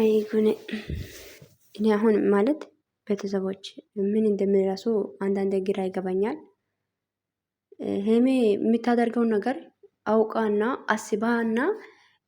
አይ ጉኔ እኔ አሁን ማለት ቤተሰቦች ምን እንደምንረሱ አንዳንድ ግራ ይገባኛል። ሄሜ የምታደርገውን ነገር አውቃና አስባና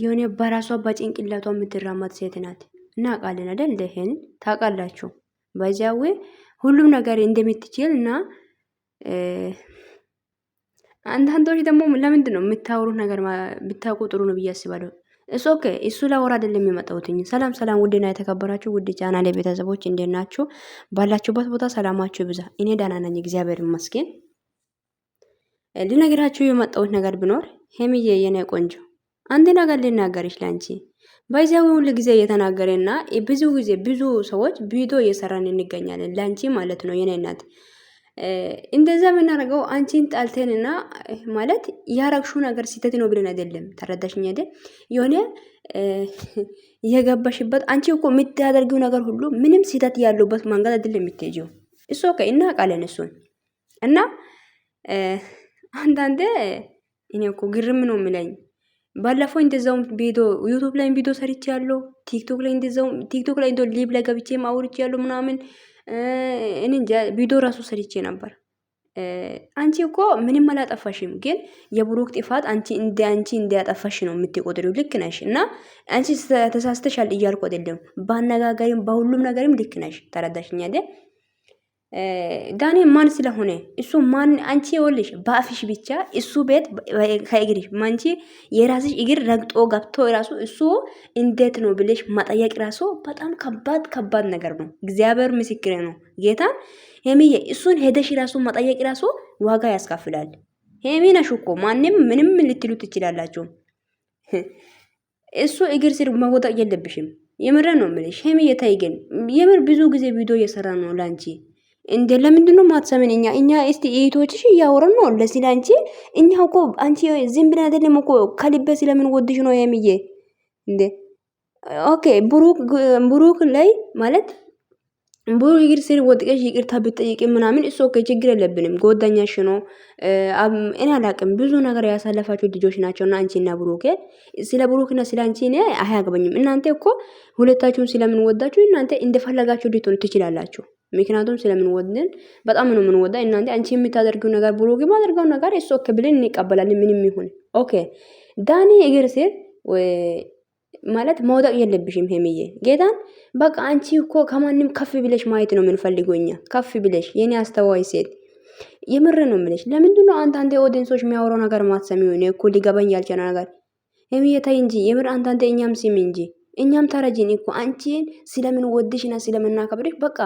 የሆነ በራሷ በጭንቅላቷ የምትራመድ ሴት ናት እና ቃልን እንደ ይሄን ታውቃላችሁ። በዚያው ሁሉም ነገር እንደምትችል እና አንዳንዶች ደግሞ ለምንድን ነው የምታወሩት ነገር ብታውቁ ጥሩ ነው ብዬ አስባለሁ። እሱ ኦኬ እሱ ለወር አይደለም የመጣሁትኝ። ሰላም ሰላም፣ ውድና የተከበራችሁ ውድ ቻናል ቤተሰቦች እንዴት ናችሁ? ባላችሁበት ቦታ ሰላማችሁ ይብዛ። እኔ ደህና ነኝ፣ እግዚአብሔር ይመስገን። ልነግራችሁ የመጣሁት ነገር ቢኖር ሄምዬ፣ የኔ ቆንጆ አንድ ነገር ልናገርሽ ላንቺ ባይዛው ሁሉ ጊዜ እየተናገረና ብዙ ጊዜ ብዙ ሰዎች ቪዲዮ እየሰራን እንገኛለን ላንቺ ማለት ነው የኔ እናት እንደዛ የምናደርገው አንቺን ጣልተንና ማለት ያረግሹ ነገር ሲተት ነው ብለን አይደለም። ተረዳሽኝ አይደል? የሆነ የገባሽበት አንቺ እኮ የምታደርጊው ነገር ሁሉ ምንም ሲተት ያለበት መንገድ አይደለም የምትሄጂው። እሱ ኦኬ እና ቃለን እሱን እና አንዳንዴ እኔ እኮ ግርም ነው የሚለኝ። ባለፈው እንደዛውም ቪዲዮ ዩቱብ ላይ ቪዲዮ ሰርቼ ያለው ቲክቶክ ላይ እንደዛውም ቲክቶክ ላይ እንደ ሊብ ላይ ገብቼ ማውርቼ ያለው ምናምን እኔ ቪዲዮ ራሱ ሰርቼ ነበር። አንቺ እኮ ምንም አላጠፋሽም፣ ግን የብሩክ ጥፋት አንቺ እንደ አንቺ እንዲያጠፋሽ ነው የምትቆጥሪው። ልክ ነሽ እና አንቺ ተሳስተሻል እያልኩ አይደለም። ባነጋገሪም በሁሉም ነገርም ልክ ነሽ። ተረዳሽኝ አይደል? ዳኔ ማን ስለሆነ እሱ ማን አንቺ ወልሽ በአፍሽ ብቻ እሱ ቤት ከእግርሽ ማንቺ የራስሽ እግር ረግጦ ገብቶ ራሱ እሱ እንዴት ነው ብለሽ ማጠየቅ ራሱ በጣም ከባድ ከባድ ነገር ነው። እግዚአብሔር ምስክር ነው። ጌታን ሄሚዬ እሱን ሄደሽ ራሱ ማጠየቅ ራሱ ዋጋ ያስከፍላል። ሄሚ ነሽ እኮ ማንም ምንም ልትሉ ትችላላችሁ። እሱ እግር ስር መወጠቅ የለብሽም። የምረ ነው ምልሽ ሄሚዬ ግን የምር ብዙ ጊዜ ቪዲዮ እየሰራ ነው ላንቺ እንደ ለምንድን ነው ማትሰምን? እኛ እኛ እስቲ እህቶችሽ እያወራን ነው ለስለ አንቺ። እኛ እኮ አንቺ ዝም ብለን አይደለም እኮ ከልቤ ስለምን ወድሽ ነው የምዬ እንደ ኦኬ ብሩክ ብሩክ ላይ ማለት ብሩክ እግር ስር ወጥቀሽ ይቅርታ ብትጠይቂ ምናምን እሱ ኦኬ፣ ችግር የለብንም። ጎዳኛሽ ነው እኔ አላቅም። ብዙ ነገር ያሳለፋችሁ ልጆች ናቸውና አንቺና ብሩክ። ስለ ብሩክና ስለ አንቺ እኔ አያገባኝም። እናንተ እኮ ሁለታችሁን ወዳችሁ እናንተ እንደፈለጋችሁ ልትሆኑ ትችላላችሁ። ምክንያቱም ስለምንወድን በጣም ነው የምንወዳ። እናንተ አንቺ የምታደርገው ነገር ብሎ የማደርገው ነገር እሱ ኦኬ ብለን እንቀበላለን። ምንም ይሁን ኦኬ። ዳኒ እግር ስር ማለት መውደቅ የለብሽም ሄምዬ። ጌታን በቃ አንቺ እኮ ከማንም ከፍ ብለሽ ማየት ነው የምንፈልገኛ። ከፍ ብለሽ የኔ አስተዋይ ሴት የምር ነው ምለሽ። ለምንድ ነው አንተ አንተ ኦዲንሶች የሚያወራው ነገር ማትሰሚው? እኔ እኮ ሊገባኝ ያልቻለ ነገር ሄምዬ፣ ተይ እንጂ የምር አንተ አንተ እኛም ሲም እንጂ እኛም ተረጅን እኮ አንቺን ስለምን ወድሽና ስለምናከብርሽ በቃ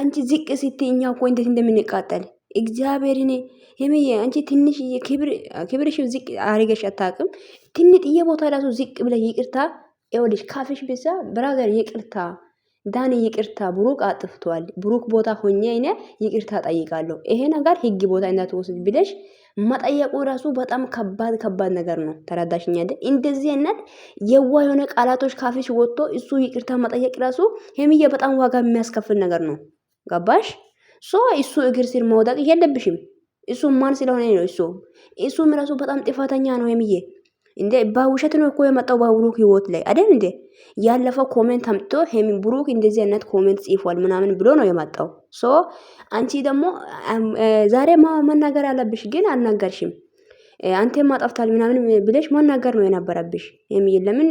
አንቺ ዝቅ ስቲ እኛ እኮ እንዴት እንደምንቃጠል እግዚአብሔርን የምዬ አንቺ ትንሽ ክብርሽ ዝቅ አርገሽ አታቅም። ትንጥዬ ቦታ ራሱ ዝቅ ብለ ይቅርታ ይወልሽ ካፍሽ ብዛ ብራዘር ይቅርታ ዳን ይቅርታ ብሩክ አጥፍቷል። ብሩክ ቦታ ሆኜ እኔ ይቅርታ ጠይቃለሁ። ይሄ ነገር ህግ ቦታ እንዳትወስድ ብለሽ መጠየቁ ራሱ በጣም ከባድ ከባድ ነገር ነው። ተረዳሽኝ አይደል? እንደዚህ አይነት የዋ የሆነ ቃላቶች ካፍሽ ወጥቶ እሱ ይቅርታ መጠየቅ ራሱ ሄሚዬ በጣም ዋጋ የሚያስከፍል ነገር ነው። ገባሽ? ሶ እሱ እግር ስር መውደቅ የለብሽም። እሱ ማን ስለሆነ ነው? እሱ እሱም ራሱ በጣም ጥፋተኛ ነው ሄሚዬ እንዴ በውሸት ነው እኮ የመጣው በብሩክ ህይወት ላይ አይደል እንዴ? ያለፈው ኮሜንት አምጥቶ ሄሚ ብሩክ እንደዚህ አይነት ኮሜንት ጽፏል ምናምን ብሎ ነው የመጣው። ሶ አንቺ ደግሞ ዛሬ መናገር አለብሽ፣ ግን አልናገርሽም። አንተ ማጣፍታል ምናምን ብለሽ መናገር ነው የነበረብሽ። ሄሚዬ ለምን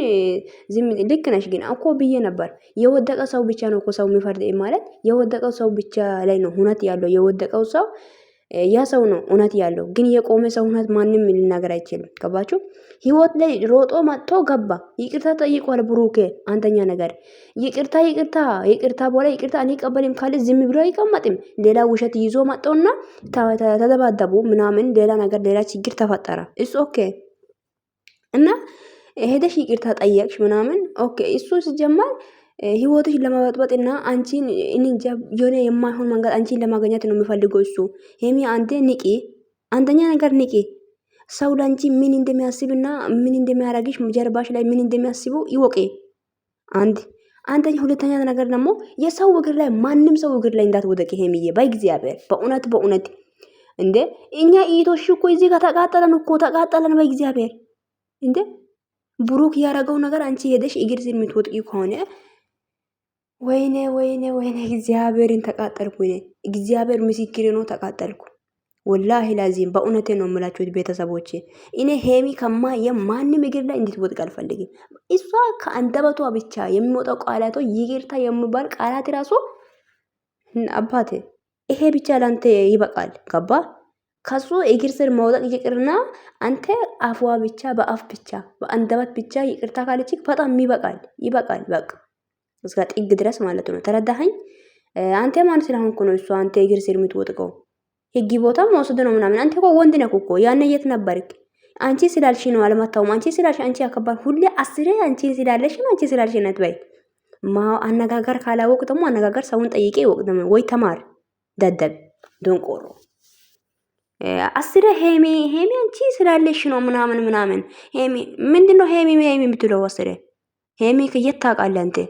ዝም ልክ ነሽ፣ ግን እኮ ብዬ ነበር። የወደቀ ሰው ብቻ ነው እኮ ሰው የሚፈርድ ማለት የወደቀው ሰው ብቻ ላይ ነው እውነት ያለው የወደቀው ሰው ያ ሰው ነው እውነት ያለው። ግን የቆመ ሰው እውነት ማንም ልናገር አይችልም። ገባችሁ? ህይወት ላይ ሮጦ መጥቶ ገባ። ይቅርታ ጠይቋል ብሩኬ። አንተኛ ነገር ይቅርታ ይቅርታ ይቅርታ በኋላ ይቅርታ አንቀበልም ካለ ዝም ብሎ አይቀመጥም። ሌላ ውሸት ይዞ መጥቶና ተደባደቡ ምናምን ሌላ ነገር ሌላ ችግር ተፈጠረ። እሱ ኦኬ እና ሄደሽ ይቅርታ ጠየቅሽ ምናምን ኦኬ እሱ ሲጀመር ህይወትሽ ለመበጥበጥ እና አንቺን እንጃ የሆነ የማይሆን መንገድ አንቺን ለማገኘት ነው የሚፈልገው እሱ። ሄሚ አንተ ንቂ፣ አንደኛ ነገር ንቂ። ሰው ለአንቺ ምን እንደሚያስብና ምን እንደሚያደርግሽ ጀርባሽ ላይ ምን እንደሚያስቡ ይወቂ። አንድ አንደኛ ሁለተኛ ነገር ደግሞ የሰው እግር ላይ ማንም ሰው እግር ላይ እንዳትወደቂ ሄሚዬ፣ በእግዚአብሔር በእውነት በእውነት እንዴ እኛ ኢቶሽ እኮ እዚህ ጋር ተቃጠለን እኮ ተቃጠለን። በእግዚአብሔር እንዴ ብሩክ ያደረገው ነገር አንቺ ሄደሽ እግር የምትወጥቂ ከሆነ ወይኔ ወይኔ ወይኔ እግዚአብሔርን ተቃጠልኩ። እኔ እግዚአብሔር ምስክሬ ነው፣ ተቃጠልኩ። ወላሂ ላዚም በእውነቴ ነው የምላችሁት ቤተሰቦች፣ እኔ ሄሚ ከማ የማንም እግር ላይ እንድትወድቅ አልፈልግም። እሷ ከአንደበቷ ብቻ የሚወጣው ቃላቶ ይቅርታ የሚባል ቃላት ራሱ አባቴ ይሄ ብቻ ለአንተ ይበቃል። ገባ ከሱ እግር ስር መውጣት ይቅርና አንተ አፏ ብቻ በአፍ ብቻ በአንደበት ብቻ ይቅርታ ካለች በጣም ይበቃል፣ ይበቃል በቃ እስከ ጥግ ድረስ ማለት ነው። ተረዳኸኝ? አንተ ማን ስለሆንኩ ነው እሱ አንተ እግር ስር የምትወጥቀው? ህግ ቦታ መውሰድ ነው ምናምን። አንተ እኮ ወንድ ነህ እኮ ያኔ የት ነበርክ? አንቺ ስላልሽ ነው አልመታውም። አንቺ ስላልሽ አንቺ ያከባል ሁሌ አስሬ አንቺ ስላለሽ ነው አንቺ ስላልሽ ነት በይ። አነጋገር ካላወቅ ደግሞ አነጋገር ሰውን ጠይቄ ወቅ ወይ ተማር ደደብ ድንቆሮ አስረ ሄሜ ሄሜ አንቺ ስላለሽ ነው ምናምን ምናምን ሄሜ ምንድነው ሄሜ ሄሜ የምትለው? አስረ ሄሜ ከየት ታውቃለህ አንተ?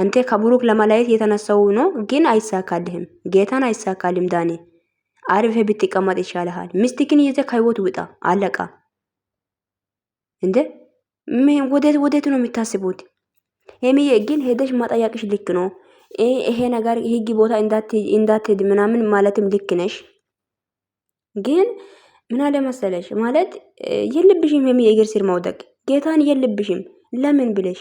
አንተ ከብሩክ ለመለየት የተነሳው ነው፣ ግን አይሳካልህም። ጌታን አይሳካልም። ዳኒ አርፌ ብትቀመጥ ይሻልሃል። ሚስትክን ይዘ ከህይወት ውጣ። አለቃ እንዴ ምን ወዴት ወዴት ነው የምታስቡት? ሄሚዬ ግን ሄደሽ ማጠያቅሽ ልክ ነው። ይሄ ነገር ህግ ቦታ እንዳትሄድ ምናምን ማለትም ልክ ነሽ። ግን ምን አለ መሰለሽ ማለት የልብሽም ሄሚዬ እግር ስር መውደቅ ጌታን የልብሽም ለምን ብለሽ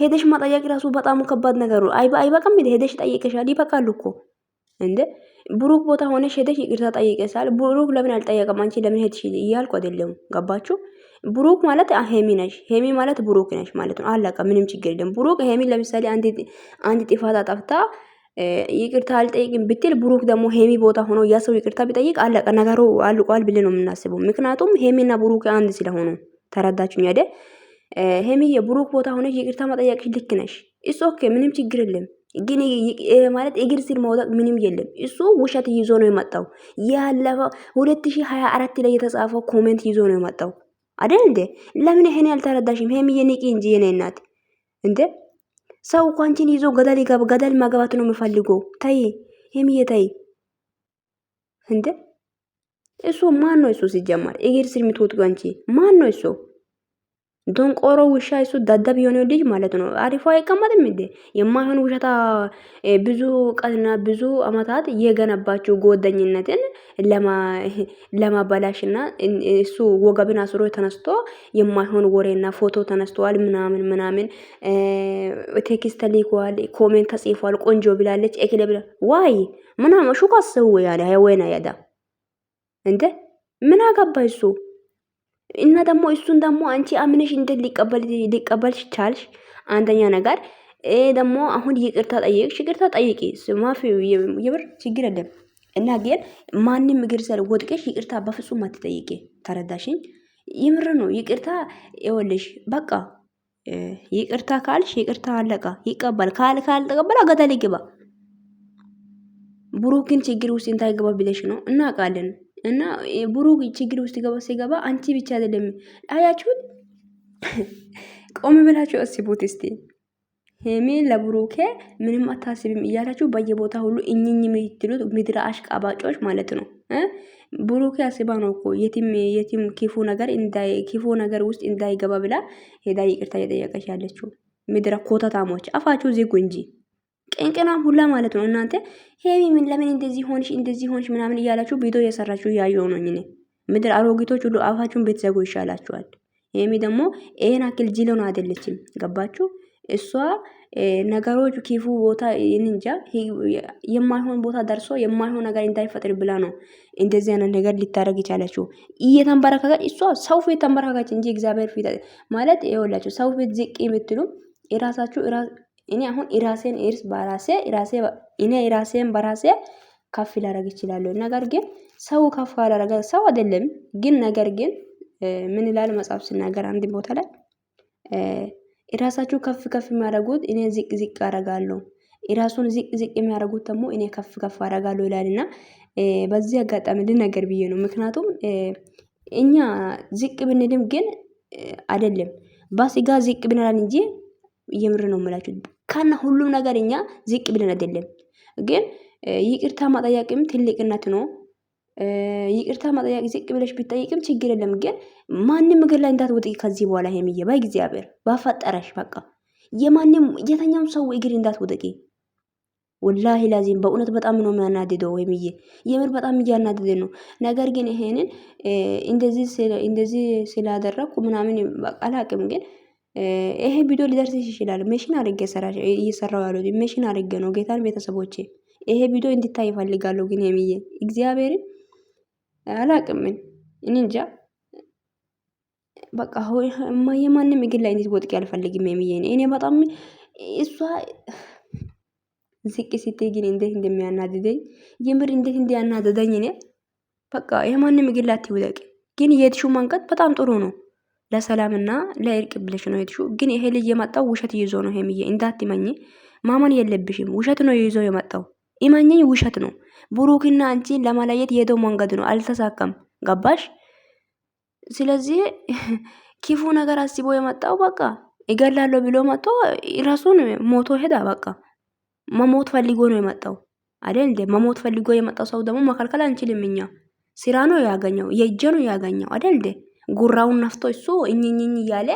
ሄደሽ መጠየቅ ራሱ በጣም ከባድ ነገሩ አይበቃም። ሄደ ሄደሽ ጠይቀሻል፣ ይበቃል እኮ እንደ ብሩክ ቦታ ሆነሽ ሄደሽ ይቅርታ ጠይቀሻል። ብሩክ ለምን አልጠየቀም? አንቺ ለምን ሄድሽ እያልኩ አይደለም። ገባችሁ? ብሩክ ማለት ሄሚ ነሽ፣ ሄሚ ማለት ብሩክ ነሽ ማለት ነው። አለቀ። ምንም ችግር የለም። ብሩክ ሄሚ ለምሳሌ አንድ ጥፋት አጠፍታ ይቅርታ አልጠይቅም ብትል ብሩክ ደግሞ ሄሚ ቦታ ሆኖ ያ ሰው ይቅርታ ቢጠይቅ አለቀ ነገሩ አልቋል ብለን ነው የምናስበው። ምክንያቱም ሄሚና ብሩክ አንድ ስለሆኑ ተረዳችሁኝ አይደል? ሄሚ የብሩክ ቦታ ሆነሽ ይቅርታ መጠየቅሽ ልክ ነሽ። እሱ ኦኬ፣ ምንም ችግር የለም። ግን ማለት እግር ስር መውጣት ምንም የለም። እሱ ውሸት ይዞ ነው የመጣው። ያለፈው 2024 ላይ የተጻፈው ኮሜንት ይዞ ነው የመጣው አደል እንዴ? ለምን ይሄን ያልተረዳሽም? ሄሚ የንቂ እንጂ የኔ እናት እንዴ ሰው እኮ አንቺን ይዞ ገደል ይገባ ገደል ማግባት ነው የምፈልገው። ተይ ሄሚዬ ተይ እንዴ። እሱ ማን ነው? እሱ ሲጀመር እግር ስር የምትወጡ አንቺ ማን ነው እሱ? ደንቆሮ ውሻ እሱ ደደብ የሆነ ልጅ ማለት ነው። አሪፎ አይቀመጥም እንዴ? የማይሆን ውሸታ ብዙ ቀንና ብዙ አመታት የገነባቸው ጓደኝነትን ለማበላሽና እሱ ወገብን አስሮ ተነስቶ የማይሆን ወሬና ፎቶ ተነስተዋል ምናምን ምናምን ቴክስት ተልከዋል፣ ኮሜንት ተጽፏል፣ ቆንጆ ብላለች፣ ኤክለ ብላ ዋይ ምናምን ሹካ ሰው ያለ ወይና ያዳ እንዴ ምን አገባ እሱ እና ደግሞ እሱን ደግሞ አንቺ አምነሽ እንዴት ሊቀበልሽ ቻልሽ? አንደኛ ነገር ይሄ ደግሞ አሁን ይቅርታ ጠየቅሽ፣ ይቅርታ ጠይቂ። ማፊ የብር ችግር የለም። እና ግን ማንም እግር ስር ወድቀሽ ይቅርታ በፍጹም አትጠይቂ። ተረዳሽኝ? ይምር ነው ይቅርታ ይወልሽ። በቃ ይቅርታ ካልሽ ይቅርታ አለቃ ይቀበል ካል ካል ተቀበል ገደል ብሩክን ችግር ውስጥ እንዳይገባ ብለሽ ነው እናውቃለን። እና ብሩክ ችግር ውስጥ ገባ ሲገባ አንቺ ብቻ አይደለም። አያችሁት? ቆም ብላችሁ አስቡት እስቲ። ሄሜ ለብሩኬ ምንም አታስብም እያላችሁ በየቦታ ሁሉ እኝኝ የምትሉት ምድረ አሽቃባጮች ማለት ነው። ብሩኬ አስባ ነው እኮ የቲም የትም ክፉ ነገር እንዳይ ክፉ ነገር ውስጥ እንዳይገባ ብላ ሄዳ ይቅርታ እየጠየቀች ያለችው ምድረ ኮተታሞች፣ አፋችሁ ዜጎ እንጂ ቅንቅናም ሁላ ማለት ነው። እናንተ ሄቢ ምን ለምን እንደዚህ ሆንሽ እንደዚህ ሆንሽ ምናምን እያላችሁ ቪዲዮ እየሰራችሁ እያየው ነው። እኔ ምድር አሮጊቶች ሁሉ አፋችሁን ብትዘጉ ይሻላችኋል። ሄሚ ደግሞ ይሄን አክል ጅል ሆነ አይደለችም። ገባችሁ? እሷ ነገሮች ኪፉ ቦታ እንጃ የማይሆን ቦታ ደርሶ የማይሆን ነገር እንዳይፈጥር ብላ ነው እንደዚህ አይነት ነገር ሊታረግ ይቻላችሁ። እየተንበረከከች እሷ ሰው ፊት ተንበረከከች እንጂ እግዚአብሔር ፊት ማለት ይወላችሁ ሰው ፊት ዝቅ የምትሉ የራሳችሁ እኔ አሁን ራሴን እርስ በራሴ ራሴ እኔ የራሴን በራሴ ከፍ ላደርግ እችላለሁ። ነገር ግን ሰው ከፍ ካላደረገ ሰው አይደለም ግን ነገር ግን ምን ይላል መጽሐፍ ሲናገር አንድ ቦታ ላይ የራሳችሁ ከፍ ከፍ የሚያደርጉት እኔ ዝቅ ዝቅ አደርጋለሁ የራሱን ዝቅ ዝቅ የሚያደርጉት ደግሞ እኔ ከፍ ከፍ አደርጋለሁ ይላል። እና በዚህ አጋጣሚ ልናገር ብዬ ነው። ምክንያቱም እኛ ዝቅ ብንልም ግን አይደለም በስጋ ዝቅ ብንላል እንጂ የምር ነው የምላችሁ ፖለቲካና ሁሉም ነገር እኛ ዝቅ ብለን አይደለም። ግን ይቅርታ ማጠያቅም ትልቅነት ነው። ይቅርታ ማጠያቅ ዝቅ ብለሽ ቢጠይቅም ችግር የለም። ግን ማንም እግር ላይ እንዳትወጥቂ ከዚህ በኋላ ሀይሚዬ፣ እግዚአብሔር ባፈጠረሽ በቃ የማንም የተኛውም ሰው እግር እንዳትወጥቂ። ወላሂ ላዚም በእውነት በጣም ነው የሚያናድደው። ሀይሚዬ የምር በጣም እያናደደ ነው። ነገር ግን ይሄንን እንደዚህ ስላደረግኩ ምናምን አላቅም ግን ይሄ ቪዲዮ ሊደርስሽ ይችላል። መሽን አድርጌ እየሰራው ያሉት መሽን አድርጌ ነው። ጌታን ቤተሰቦቼ ይሄ ቪዲዮ እንዲታይ ይፈልጋለሁ። ግን የሚዬ እግዚአብሔርን አላቅምን እንንጃ በቃ ሆይ እማዬ ማንም እግል ላይ እንድትወጥቂ አልፈልግም። የሚዬ እኔ በጣም እሷ ዝቅ ስትይ ግን እንዴት እንደሚያናድደኝ የምር እንዴት እንዲያናደደኝ እኔ በቃ የማንም እግል ላይ አትወደቂ። ግን የትሹ ማንቀጥ በጣም ጥሩ ነው። ለሰላምና ለእርቅ ብለሽ ነው የትሹ። ግን ይሄ ልጅ የመጣው ውሸት ይዞ ነው። ሄምዬ እንዳትመኝ፣ ማመን የለብሽም። ውሸት ነው ይዞ የመጣው ይመኘኝ ውሸት ነው። ብሩክና አንቺ ለማለየት የሄደው መንገድ ነው፣ አልተሳካም። ገባሽ? ስለዚህ ክፉ ነገር አስቦ የመጣው በቃ ይገላለሁ ብሎ መጥቶ ራሱን ሞቶ ሄዳ። በቃ መሞት ፈልጎ ነው የመጣው አይደል እንዴ? መሞት ፈልጎ የመጣው ሰው ደግሞ መከልከል አንችልም እኛ። ስራ ነው ያገኘው፣ የእጄ ነው ያገኘው አይደል እንዴ? ጉራውን ነፍቶ እሱ እኝኝኝ እያለ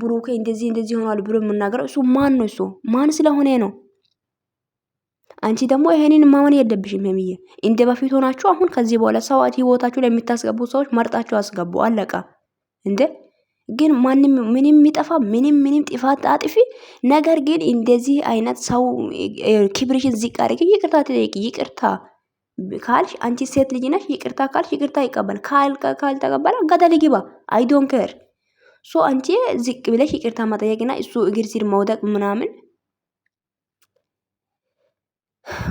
ብሩኬ እንደዚህ እንደዚህ ሆኗል ብሎ የምናገረው እሱ ማን ነው? እሱ ማን ስለሆነ ነው? አንቺ ደግሞ ይሄንን ማመን የለብሽም። የሚየ እንደ በፊት ሆናችሁ አሁን ከዚህ በኋላ ሰዋት ህይወታችሁ ላይ የምታስገቡ ሰዎች መርጣችሁ አስገቡ። አለቃ እንደ ግን ማንም ምንም የሚጠፋ ምንም ምንም ጥፋት አጥፊ ነገር ግን እንደዚህ አይነት ሰው ክብርሽን ዝቅ አድርጊ። ይቅርታ ትጠይቂ። ይቅርታ ካልሽ አንቺ ሴት ልጅ ነሽ። ይቅርታ ካልሽ ይቅርታ ይቀበል። ካልተቀበለ ገደል ይግባ። አይ ዶን ኬር ሶ አንቺ ዝቅ ብለሽ ይቅርታ መጠየቅና እሱ እግር ስር መውደቅ ምናምን።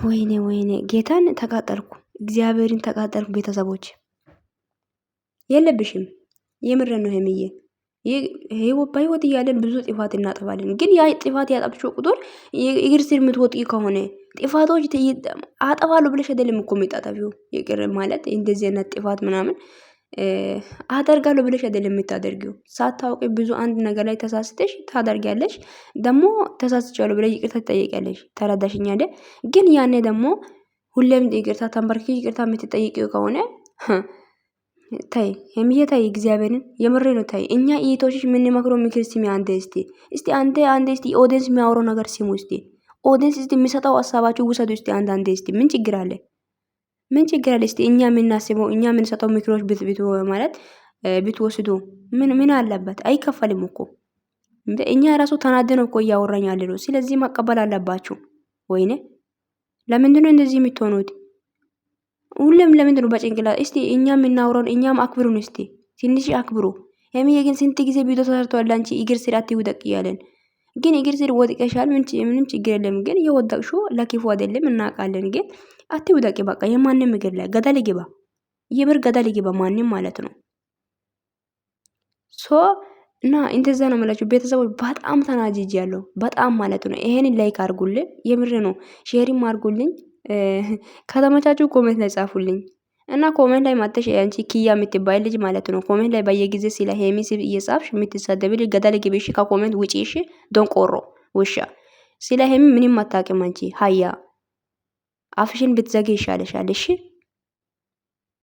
ወይኔ ወይኔ፣ ጌታን ተቃጠልኩ፣ እግዚአብሔርን ተቃጠልኩ። ቤተሰቦች የለብሽም። የምረ ነው ሄምዬ በህይወት እያለን ብዙ ጥፋት እናጠፋለን። ግን ያ ጥፋት ያጠፍሽው ቁጥር እግር ስር የምትወጥቂ ከሆነ ጥፋቶች አጠፋለሁ ብለሽ አይደለም እኮ የምታጠፊው። ይቅር ማለት እንደዚህ አይነት ጥፋት ምናምን አደርጋለሁ ብለሽ አይደለም የምታደርጊው። ሳታውቂ ብዙ አንድ ነገር ላይ ተሳስተሽ ታደርጊያለሽ። ደግሞ ተሳስቻለሁ ብለሽ ይቅርታ ትጠይቂያለሽ። ተረዳሽኝ አይደል? ግን ያኔ ደግሞ ሁሌም ይቅርታ ተንበርክሽ ይቅርታ የምትጠይቂው ከሆነ ታይ ሄሚዬ ታይ፣ እግዚአብሔርን የምሬ ነው ታይ። እኛ ኢቶችሽ የምንመክሮ ምክር ስሚ አንዴ እስቲ እስቲ አንዴ አንዴ እስቲ ኦዲየንስ የሚያወራው ነገር ሲሙ እስቲ ኦዲየንስ እስቲ የሚሰጠው ሀሳባችሁ ውሰዱ እስቲ አንድ አንዴ እስቲ። ምን ችግር አለ? ምን ችግር አለ? እስቲ እኛ የምናስበው እኛ የምንሰጠው ምክሮች ብትብት ማለት ብትወስዱ ምን ምን አለበት? አይከፈልም እኮ እኛ ራሱ ተናደነው እኮ እያወራኝ ያለ ነው። ስለዚህ መቀበል አለባችሁ። ወይኔ ለምንድነው እንደዚህ የምትሆኑት? ሁሌም ለምንድን ነው በጭንቅላት? እስቲ እኛም እናውረን እኛም አክብሩን፣ እስቲ ትንሽ አክብሩ። ሄሚዬ ግን ስንት ጊዜ ቪዲዮ ተሰርቷል፣ አንቺ እግር ስር አትውደቅ እያለን ግን እግር ስር ወድቀሻል፣ ምንም ችግር የለም። ግን የወደቅሽው ለክፉ አይደለም እናውቃለን። ግን አትውደቂ፣ በቃ የማንም እግር ላይ ገደል ግባ፣ የምር ገደል ግባ፣ ማንም ማለት ነው። ሶ እና እንደዛ ነው የምላችሁ ቤተሰቦች። በጣም ተናጅጅ ያለው በጣም ማለት ነው። ይሄንን ላይክ አርጉልን የምር ነው። ሼሪም አርጉልኝ። ከተመቻቹ ኮሜንት ላይ ጻፉልኝ እና ኮሜንት ላይ ማተሽ አንቺ ኪያ የምትባይ ልጅ ማለት ነው። ኮሜንት ላይ በየጊዜ ስለ ሄሚ ስብ እየጻፍሽ የምትሳደብ ልጅ ገደል ግብሽ፣ ከኮሜንት ውጪ። እሺ ደንቆሮ ውሻ፣ ስለ ሄሚ ምንም አታውቂም አንቺ። ሀያ አፍሽን ብትዘጊ ይሻለሻል። እሺ